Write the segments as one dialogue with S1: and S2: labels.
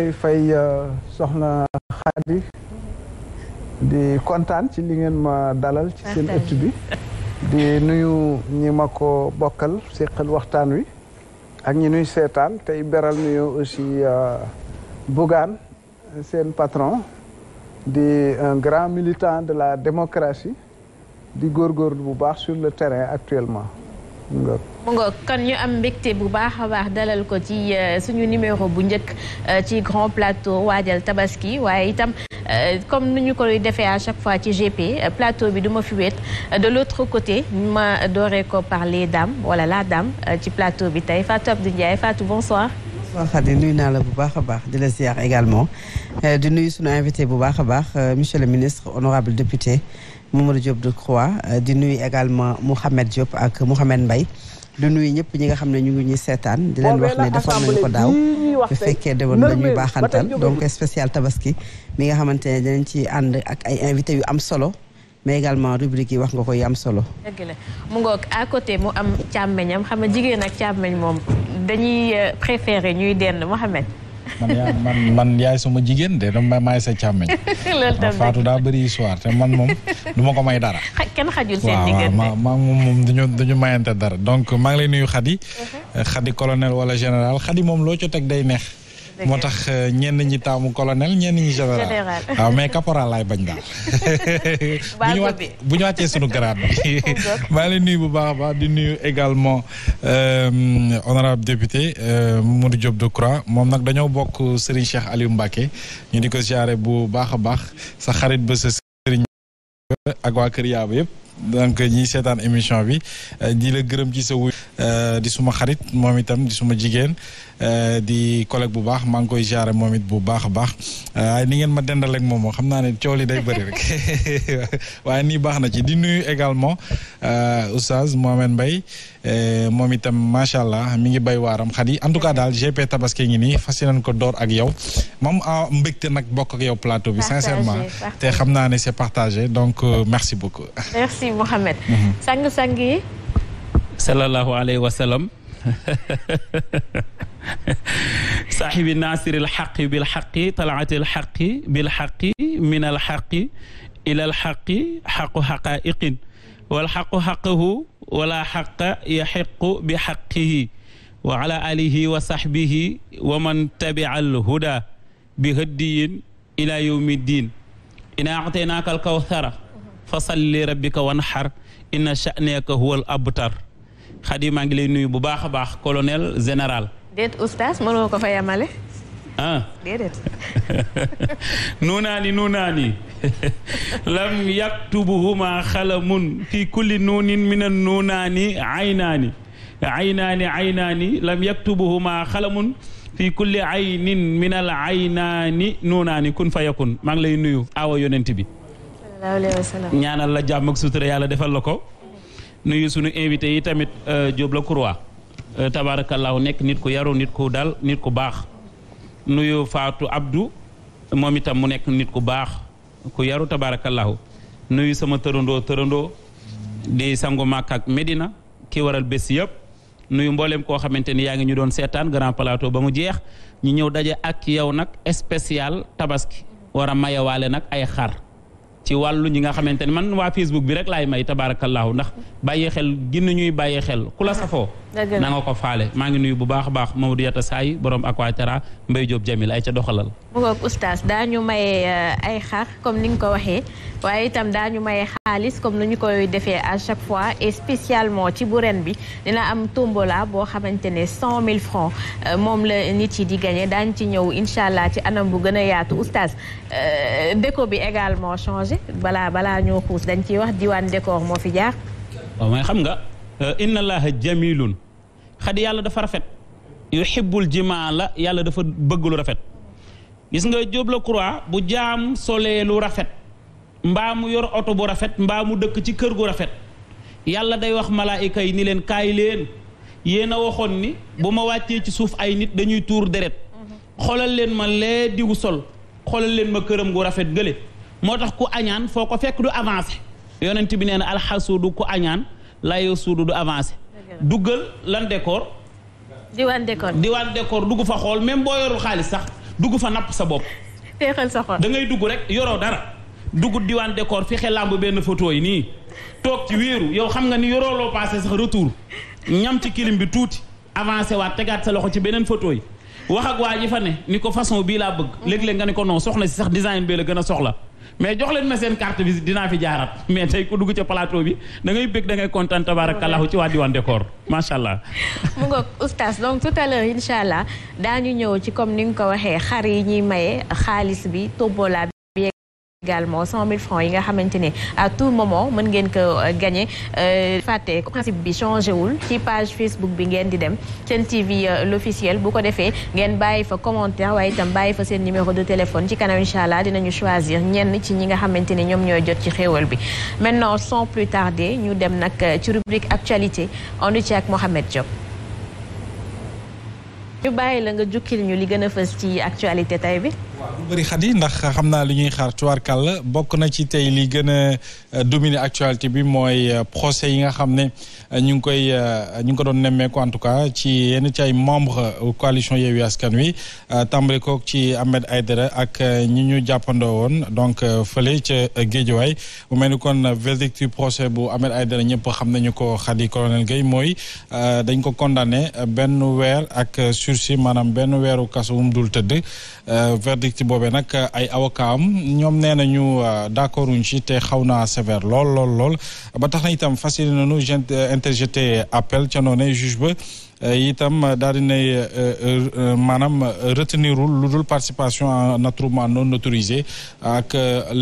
S1: ay fay euh, soxna Khady di kontaan ci li ngeen ma dalal ci seen ëtt bi di nuyu ñi ma ko bokkal seqal waxtaan wi ak ñi nuy seetaan tey beral nuyu aussi euh, Bougane seen patron di un grand militant de la démocratie di góorgóorlu bu baax sur le terrain actuellement
S2: mu nga kon ñu am mbégte bu baax a baax dalal ko ci euh, suñu numéro bu njëkk euh, ci grand plateau waajal tabaski waaye itam euh, comme nu ñu koy defee à chaque fois ci GP plateau bi du ma fi wéet de l'autre côté ma dooree ko par les dames wala la dame ci plateau bi tey Fatou Abdou Ndiaye Fatou bonsoir
S3: waaw Khady nuy naa la bu baax a baax di la ziar également di nuyu suñu invité bu baax a baax monsieur le ministre honorable député Mamadou Diop Decroix di nuyu également Mouhamed Diop ak Mouhamed Mbaye du nuyu ñëpp ñi nga xam ne ñu ngi ñuy seetaan di leen wax ne defoon nañu ko daaw bu fekkee demoon dañuy baaxantal donc spécial tabaski mi nga xamante ne dinañ ci ànd ak ay invité yu am solo mais également rubrique yi wax nga ko am solo
S2: mu ngoog à côté mu am càmmeñam xam nga jigéen ak càmmeñ moom dañuy euh, préféré ñuy dend Mohamed man
S4: man man yaay sama jigéen de dama maay sa càmmiñ. loolu tamit daa bëri histoire te man moom duma ko may dara.
S2: kenn xajul seen diggante
S4: waaw waaw moom moom duñu duñu mayante dara donc maa ngi lay nuyu Khady. Mhm. Khady colonel wala général Khady moom loo ca teg day meex moo tax euh, ñenn ñi taamu colonel ñenn ñi général waaw mais caporal laay bañ daal. bu ñu wàcc bu ñu wàccee sunu grade bi. maa leen nuyu bu baax a baax di nuyu également euh, honorable du euh, Mamadou Diop Decroix moom nag dañoo bokk Serigne Cheikh Aliou Mbacké ñu di ko ziare bu baax a baax sa xarit ba sa Serigne ak waa Kër Yaaba yëpp. donc ñiy seetaan émission bi euh, di la gërëm ci sa wuy euh, di suma xarit moom itam di suma jigéen euh, di collègue bu baax maa ngi koy jaare moom it bu baax a baax waaye ni ngeen ma dendal ak moom xam naa ne coow li day bëri rek waaye nii baax na ci di nuyu également Oustaz Mohamed mbay Eh, moom itam macha allah mi ngi bay waaram xat yi en tout cas daal GP Tabaski ngi nii fas yéeneen ko door ak yow moom a ah, mbégte nag bokk ak yow plateau bi sincèrement te xam naa ne c'est partagé donc
S5: euh, merci beaucoup
S2: merci Mohamed mhm. sang-sang yi
S5: sallallahu alayhi wa sallam saaxibi naasiri alxaqi bilxaqi talaati alxaqi bilxaqi min alxaqi ila alxaqi xaqu xaqaiqin wal xaqu xaqahu wala xaqa yaxiqu bi xaqihi wa ala alihi wa saxbihi wa man tabia alhuda bi hëddiyin ila yawmi ddin inaa ataynaaka alkawthara fa salli rabbika wanxar inna sha'naka huwa al abtar xadi maa ngi lay nuyu bu baax a baax colonel général
S2: déet oustaz mënoo ko fa yemale ah déedéet
S5: nuunaani nuunaani lam yaktubuhuma xalamun fi kulli nuunin min an nuunaani aynaani aynaani lam yaktubuhuma xalamun fi kulli aynin min aynaani nuunaani kun fayakun maa ngi lay nuyu awa yonent bi ñaanal la jàmm ak sutura yàlla defal la ko nuyu sunu invité yi tamit euh, Diop Decroix euh, tabaarakallaahu nekk nit ku yaru nit ku dal nit ku baax nuyu Faatu Abdou moom itam mu nekk nit ku baax ku yaru tabaarakallahu nuyu sama tërandoo tërandoo di sangu Màkka ak Medina ki waral bés yëpp nuyu mboolem koo xamante ni yaa ngi ñu doon seetaan Grand Plateau ba mu jeex ñu ñëw daje ak yow nag spécial tabaski war a mayewaale nag ay xar ci wàllu ñi nga xamante ni man waa Facebook bi rek laay may tabaarakallaahu ndax bàyyi xel ginn ñuy bàyyee xel ku la safoo na nga ko faale maa ngi nuyu bu baax a baax Mamadou Yatta Saay borom Aquatera Mbaye Diop Jamil ay ca doxalal
S2: mu ngoog oustaz daañu maye eh, ay xar comme ni nga ko waxee waaye itam daañu maye xaalis comme ni ñu koy defee à chaque fois et spécialement ci bu bi dina am tombola boo xamante ne cent mille francs eh, moom la nit yi di gagné daañ ci ñëw incha allah ci anam bu gën a yaatu oustaz eh, déco bi également changé balaa balaa ñoo xuus dañ ciy wax diwaan décor moo fi jaar.
S5: waaw xam nga. inna allaha jamilun xadi yàlla dafa rafet. yuhibbul jimaala yàlla dafa bëggulu rafet. gis nga Jóob la croix bu jaam solee lu rafet mbaa mu yor oto bu rafet mbaa mu dëkk ci kër gu rafet yàlla day wax malaayika yi ni leen kaay leen yéen a waxoon ni bu ma wàccee ci suuf ay nit dañuy tuur deret xoolal leen ma lee diwu sol xoolal leen ma këram gu rafet gële moo tax ku añaan foo ko fekk du avancé yonent bi nee na alxasuudu ku añaan la yasuudu du avancé duggal lan décor diwaan décor dugg fa xool même boo yorul xaalis sax dugg fa napp sa bopp. xel sa xol da ngay dugg rek yoroo dara. dugg diwaan décor fi xel làmb benn photo yi nii toog ci wéeru yow xam nga ni yoroo loo passé sax retour ñam ci kilim bi tuuti avancé waat tegaat sa loxo ci beneen photo yi wax ak waa ji fa ne ni ko façon bii laa bëgg. léeg-léeg nga ni ko non soxna si sax design bee la gën a soxla. mais jox leen ma seen carte visite dinaa fi jaarat mais tey ku dugg ca plateau bi da ngay bëgg da ngay kontaan tabarakallahu ci waa diwaan décor macha allah.
S2: mu ngoog oustaz donc tout à l'heure incha allah daañu ñëw ci comme ni nga ko waxee xar yi ñuy maye xaalis bi tombola également cent mille francs yi nga xamante ne à tout moment mën ngeen ko euh, gagné euh, fàtte principe bi changé wul ci page Facebook bi ngeen di dem seen TV euh, l'officiel bu ko defee ngeen bàyyi fa commentaire waaye itam bàyyi fa seen numéro de téléphone ci kanam incha allah dinañu choisir ñenn ci ñi nga xamante ne ñoom ñooy jot ci xéwal bi maintenant sans plus tarder ñu dem nag ci rubrique actualité ànd ci ak Mohamed Diop ñu bàyyi la nga jukkil ñu li gën a fës ci actualité tay bi
S4: waaw lu bëri xat yi ndax xam naa li ñuy xaar tubaarkàlla bokk na ci tey li gën a euh, dominer actualité bi mooy euh, procès yi nga xam ne euh, ñu ngi koy ñu ngi ko doon nemmeeku en tout cas ci yenn ci ay membre coalition Yewwi Askan Wi tàmbali kook ci Ahmed Aïdara ak ñi ñu jàppandoo woon donc fële ca Géejawaay mu mel ni kon verdict procès bu Ahmed Aïdara ñëpp xam nañu ko xadi colonel Guèye mooy dañ ko condamné benn weer ak sursis maanaam benn weeru kaso wum dul tëdd verdict boobee nag ay avocat ñoom nee nañu euh, d'accord wuñ ci te xaw naa sévère lool lool lool ba tax na itam fas yéene nañu euh, interjeté appel ca noonu juge ba euh, itam daal di nay maanaam retenirul lu dul participation en attroupement non autorisé ak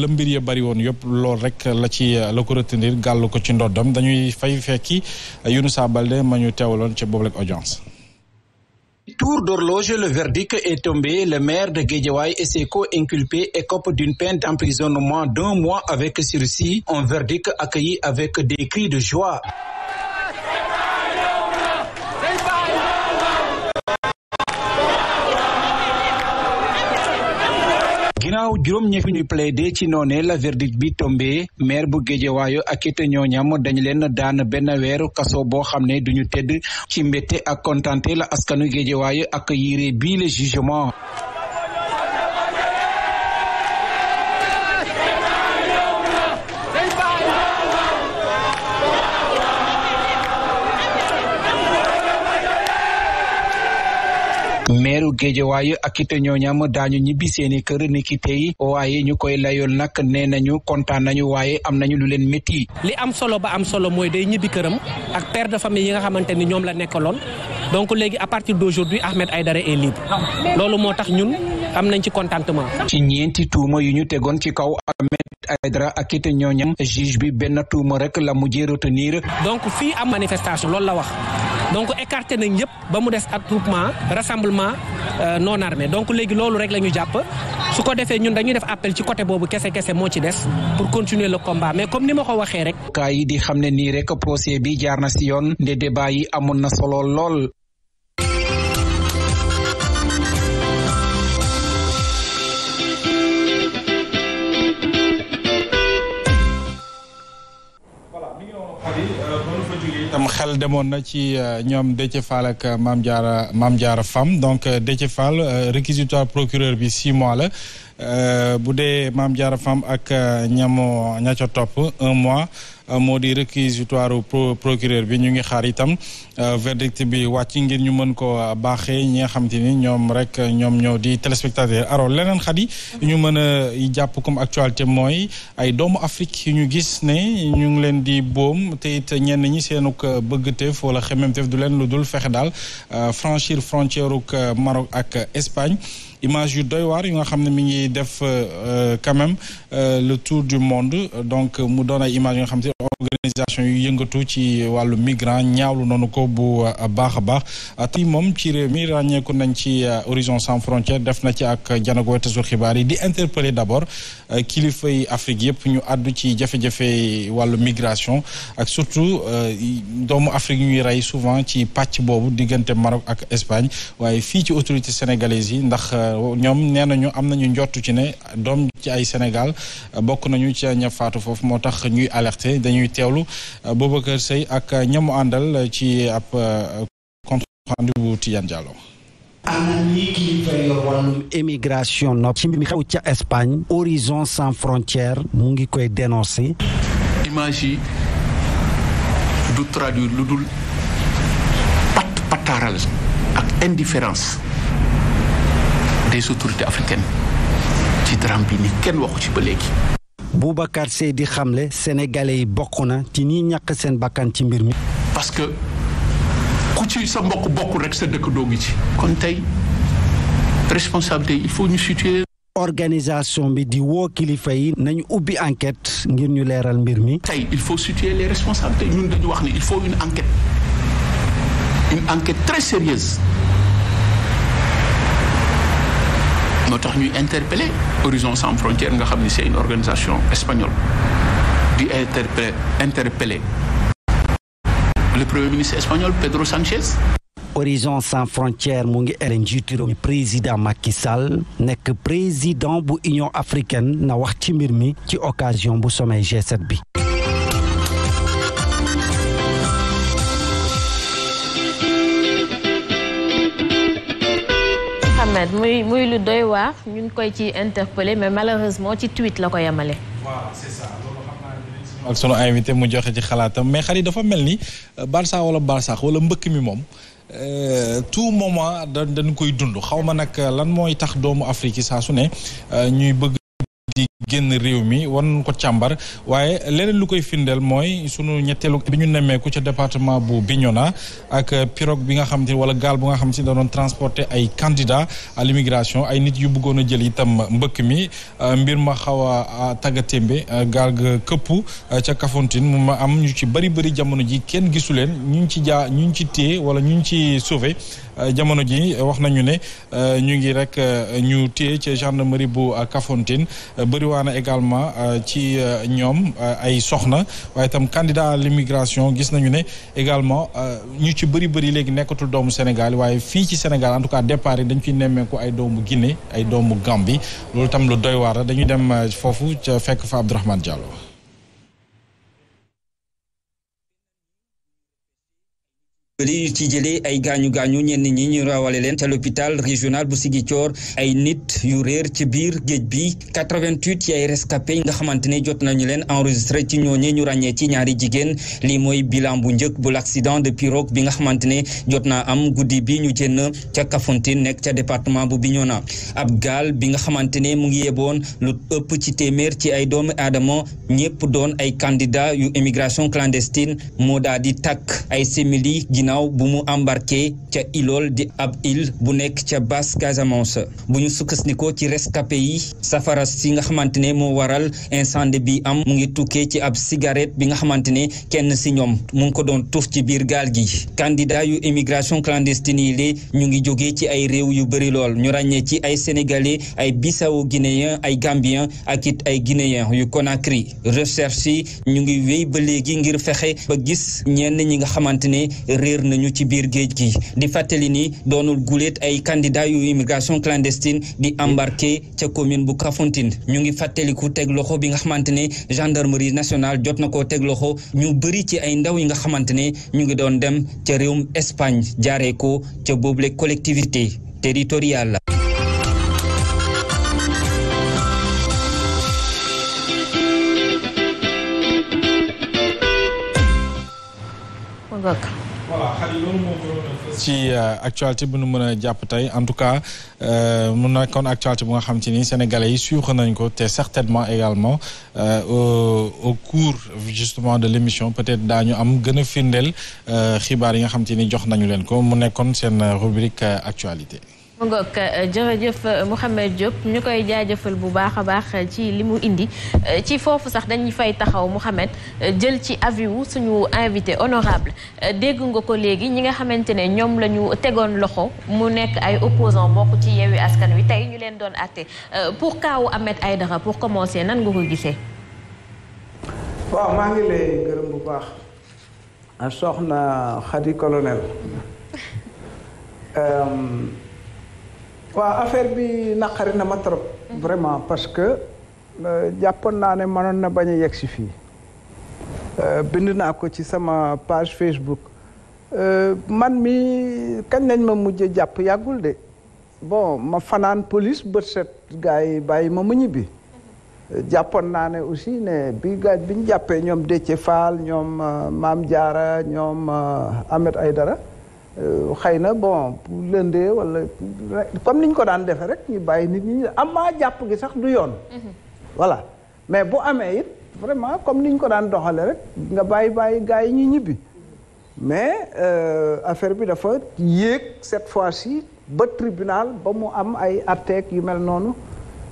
S4: la mbir ya bëri woon yëpp lool rek la ci la ko retenir gàll ko ci ndoddam dañuy fay fekki Younoussa Baldé ma ñu teewaloon ca boobu rek audience
S6: Tour d'horloge, le verdict est tombé. Le maire de Guédiawaye et ses co-inculpés écopent d'une peine d'emprisonnement d'un mois avec sursis. Un verdict accueilli avec des cris de joie. ginnaaw juróom ñefi ñuy plaidé ci noonee la verdict bi tombé maire bu Guédiawaye ak it ñooñam dañ leen daan benn weeru kaso boo xam ne duñu tedd ci mbette ak kontante la askanu Guédiawaye ak yiree bii le jugement meeru Géejawaay ak it ñooñam daañu ñibbi seeni kër niki tey waaye ñu koy layool nag nee nañu kontaan nañu waaye am nañu lu leen métti. li am solo ba am solo mooy day ñibbi këram ak père famille yi nga xamante ni ñoom la nekkaloon donc léegi à partir d'aujourd'hui Ahmed Aïdara est libre loolu moo tax ñun am nañ ci contentement. ci ñeenti tuuma yu ñu tegoon ci kaw. Aïdara ak it ñooñam juge bi benn tuuma rek la mujjee retenir. donc fii am manifestation loolu la wax donc écarté nañ yëpp ba mu des attroupement rassemblement euh, non armé donc léegi loolu rek la ñu jàpp su ko defee ñun dañuy def appel ci côté boobu kese kese moo ci des pour continuer le combat mais comme ni ma ko waxee rek. kaa yi di xam ne nii rek procès bi jaar na si yoon nde débat yi amoon na solo
S4: lool. xel demoon na ci euh, ñoom Déthié Fall ak euh, Mame Diarra Mame Diarra Fam donc euh, Déthié Fall réquisitoire procureur bi si mois la Euh, bu dee maam Diarra Fam ak euh, ñamo ña ca topp un mois euh, moo di réquisitoire procureur bi ñu ngi xaar itam verdict bi wàcc ngir ñu mën ko baaxee ñi nga xam te ñoom rek ñoom ñoo di téléspectateur alors leneen xat ñu mën a jàpp comme actualité mooy ay doomu Afrique yu ñu gis ne ñu ngi leen di boom te it ñenn ñi seenuk bëggteef wala xememteef du leen lu dul fexe daal franchir frontière uk Maroc ak Espagne image yu doy waar yu nga xam ne mi ngi def euh, euh, quand même euh, le tour du monde donc mu doon ay image yu nga xam ne organisation yu yëngatu ci wàllu migrant ñaawlu noonu ko bu uh, baax a baax uh, tey moom ci réew mi ràññeeku nañ ci uh, horizon sans frontière def na ci ak janago tasul xibaar yi di interpeller d'abord kilifa yi Afrique yëpp ñu àddu ci jafe-jafe wàllu migration ak surtout doomu Afrique ñuy rey souvent ci pàcc boobu diggante Maroc ak Espagne waaye fii ci autorité sénégalaise yi ndax ñoom nee nañu am nañu njottu ci ne doom ci ay Sénégal bokk nañu ci ña faatu foofu moo tax ñuy loolu Boubacar Seye ak ñamu àndal ci ab euh, compte rendu bu Tidiane Diallo émigration
S6: nopp ci mi xew ca Espagne Horizon sans frontières mu ngi koy dénoncer
S5: image du traduire lu dul pat pataaral ak indifférence des autorités africaines ci drame bi ni kenn waxu ci ba léegi
S6: Boubacar Seye di xamle sénégalais yi bokk na ci ñiy ñàkk seen bakkan ci mbir mi.
S5: parce que ku ci sa mbokk bokkul rek sa dëkk doogu ci. kon tey responsabilité il faut ñu situer.
S6: organisation bi di woo kilifa yi nañu ubbi enquête ngir ñu leeral mbir
S5: mi. tey il faut situer les responsabilités ñun dañu wax ne il faut une enquête une enquête très sérieuse moo tax ñuy interpellé Horizon sans frontières nga xam ni c'est une organisation espagnole di interpellé interpellé le premier ministre espagnol Pedro Sánchez.
S6: Horizon sans frontières mu ngi ere njiitu réew président Macky Sall nekk président bu Union africaine na wax ci mbir mi ci occasion bu sommet G7 bi.
S2: Mohamed muy muy lu doy waar ñu koy ci interpellé mais malheureusement ci tweet la ko yemale.
S4: waaw ak sunu invité mu joxe ci xalaatam mais xarit dafa mel ni euh, Barça wala Barsax wala mbëkk mi moom. Euh, tout moment da dañ koy dund xaw ma nag euh, lan mooy tax doomu Afrique saa su ne ñuy bëgg génn réew mi wan ko càmbar waaye leneen lu koy firndeel mooy sunu ñetteelu bi ñu nemmeeku ca département bu Bignona ak pirogue bi nga xam te wala gaal bu nga xam te da doon transporter ay candidats à l'immigration ay nit yu bëggoon a jël itam mbëkk mi euh, mbir ma xaw a tàggatémbe euh, gaal ga këppu euh, ca Kafountine mu ma am ñu ci bëri bëri jamono ji kenn gisu leen ñu ngi ci jaa ñu ngi ci téye wala ñu ngi ci sauvé jamono ji wax nañu ne ñu ngi rek ñu téye ca gendarmerie bu Kafountine bëriwaana également euh, ci euh, ñoom euh, ay soxna waaye tam candidat à l'immigration gis nañu ne également ñu ci bëri bëri léegi nekkatul doomu Sénégal waaye fii ci Sénégal en tout cas départ yi dañ fi nemmeeku ay doomu Guinée ay doomu Gambie loolu tam lu doy waar dañuy dem foofu ca fekk fa Abdourahmane Diallo
S3: bëri ci jële ay gaañu gaañu ñenn ñi ñu rawale leen ca l'hôpital régional bu Ziguinchor ay nit yu réer ci biir géej bi 88 ci ay rescapé nga xamante ne jot nañu leen enregistré ci ñooñe ñu ràññee ci ñaari jigéen li mooy bilan bu njëkk bu l'accident de pirogue bi nga xamante ne jot naa am guddi bi ñu jënn ca Kafountine nekk ca département bu na ab gaal bi nga xamante ne mu ngi yeboon lu ëpp ci téeméer ci ay doomu aadama ñëpp doon ay candidat yu immigration clandestine moo daal di takk ay ginnaaw bu mu embarqué ca ilool di ab île bu nekk ca basse Casamance bu ñu sukkandikoo ci rescapé yi safara si nga xamante ne moo waral incendie bi am mu ngi tukkee ci ab cigarette bi nga xamante ne kenn si ñoom mu ngi ko doon tuuf ci biir gaal gi candidat yu immigration clandestine yi lée ñu ngi jógee ci ay réew yu bëri lool ñu ràññee ci ay sénégalais ay bissau guinéen ay gambien ak it ay guinéen yu Conakry recherche yi ñu ngi wéy ba léegi ngir fexe ba gis ñenn ñi nga xamante réer nañu ci biir géej gi di fàttali ni doonul guléet ay candidat yu immigration clandestine di embarqué ca commune bu Kafountine ñu ngi fàttaliku teg loxo bi nga xamante ne gendarmerie nationale jot na koo teg loxo ñu bëri ci ay ndaw yi nga xamante ne ñu ngi doon dem ca réewum Espagne jaaree ko ca boobule collectivité territoriale.
S4: Look. voilà xale yi ci euh, actualité bu nu mën a jàpp tey en tout cas euh, mu nekkoon actualité bu nga xam te ni sénégalais yi suivre nañ ko te certainement également euh, au au cours justement de l' émission peut être daañu am gën a firndeel xibaar yi nga xam te ni jox nañu leen ko mu nekkoon seen rubrique actualité.
S2: mu ngoog euh, jërëjëf euh, Mouhamed Diop ñu koy jaajëfal bu baax a baax euh, ci li mu indi ci foofu sax dañuy fay taxaw Mouhamed jël ci aviou suñu invité honorable dégg nga ko léegi ñi nga xamante ne ñoom la ñu tegoon loxo mu nekk ay opposant bokk ci Yewwi Askan Wi tey ñu leen doon àtte pour kaawu ay Aïdara pour commencer nan nga ko gisee
S1: waaw maa ngi lay gërëm bu baax soxna Khady Colonel waaw affaire bi naqari na ma trop. vraiment parce que euh, jàppoon naa ne mënoon na bañ a yegg si fii euh, bind naa ko ci sama page Facebook euh, man mi kañ nañ ma mujj jàpp yàggul de bon ma fanaan police bët set gars yi bàyyi ma mu bi jàppoon naa ne aussi ne bi gars bi ñu jàppee ñoom Déthié Fall ñoom Mame Diarra ñoom ay dara Euh, xëy na bon bu lëndee wala comme niñ ko daan defee rek ñu bàyyi nit ñi am amaa jàpp gi sax du yoon. Mhm. voilà mais bu amee it vraiment comme niñ ko daan doxale rek nga bàyyi bàyyi gars yi ñu ñibbi mais euh, affaire bi dafa yéeg cette fois-ci ba tribunal ba mu am ay atteek yu mel noonu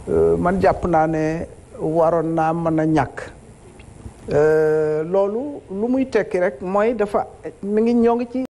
S1: euh, man jàpp naa ne waroon naa mën a ñàkk. loolu lu muy tekki rek mooy dafa mi ngi ñoo ngi ci.